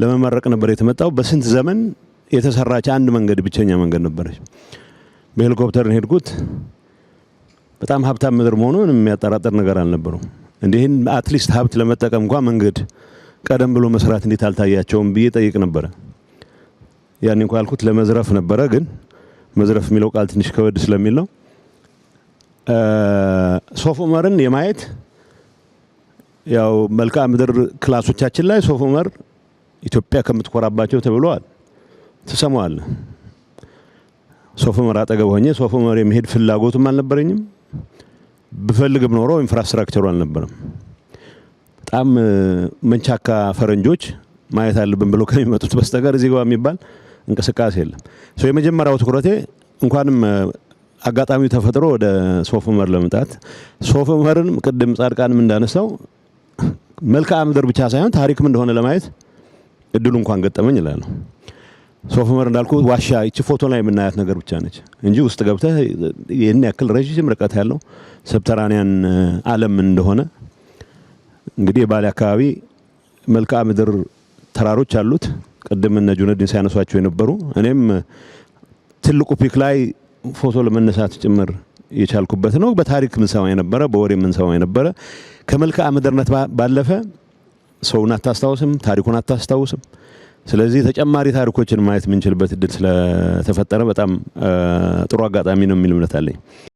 ለመመረቅ ነበር የተመጣው። በስንት ዘመን የተሰራች አንድ መንገድ ብቸኛ መንገድ ነበረች። በሄሊኮፕተር ሄድኩት። በጣም ሀብታም ምድር ምንም የሚያጠራጥር ነገር አልነበረው። እንዲህን አትሊስት ሀብት ለመጠቀም እንኳ መንገድ ቀደም ብሎ መስራት እንዴት አልታያቸውም ብዬ ጠይቅ ነበረ። ያን እንኳ ያልኩት ለመዝረፍ ነበረ፣ ግን መዝረፍ የሚለው ቃል ትንሽ ከወድ ስለሚል ነው። ሶፍ ኡመርን የማየት ያው መልክዓ ምድር ክላሶቻችን ላይ ሶፍ ዑመር ኢትዮጵያ ከምትኮራባቸው ተብለዋል። ትሰማዋለህ። ሶፍ ዑመር አጠገብ ሆኜ ሶፍ ዑመር የመሄድ ፍላጎትም አልነበረኝም። ብፈልግም ኖሮ ኢንፍራስትራክቸሩ አልነበረም። በጣም መንቻካ ፈረንጆች ማየት አለብን ብሎ ከሚመጡት በስተቀር እዚህ ጋር የሚባል እንቅስቃሴ የለም። የመጀመሪያው ትኩረቴ እንኳንም አጋጣሚው ተፈጥሮ ወደ ሶፍ ዑመር ለመምጣት ሶፍ ቅድም ጻድቃንም እንዳነሳው መልክዓ ምድር ብቻ ሳይሆን ታሪክም እንደሆነ ለማየት እድሉ እንኳን ገጠመኝ ይላል ነው ሶፍ ዑመር እንዳልኩ ዋሻ ይቺ ፎቶ ላይ የምናያት ነገር ብቻ ነች እንጂ ውስጥ ገብተ ይህን ያክል ረዥም ርቀት ያለው ሰብተራኒያን አለም እንደሆነ እንግዲህ የባሌ አካባቢ መልክዓ ምድር ተራሮች አሉት። ቅድም እነ ጁነዲን ሳያነሷቸው የነበሩ እኔም ትልቁ ፒክ ላይ ፎቶ ለመነሳት ጭምር የቻልኩበት ነው። በታሪክ ምንሰማ የነበረ በወሬ ምንሰማ የነበረ ከመልክዓ ምድርነት ባለፈ ሰውን አታስታውስም፣ ታሪኩን አታስታውስም። ስለዚህ ተጨማሪ ታሪኮችን ማየት የምንችልበት እድል ስለተፈጠረ በጣም ጥሩ አጋጣሚ ነው የሚል እምነት አለኝ።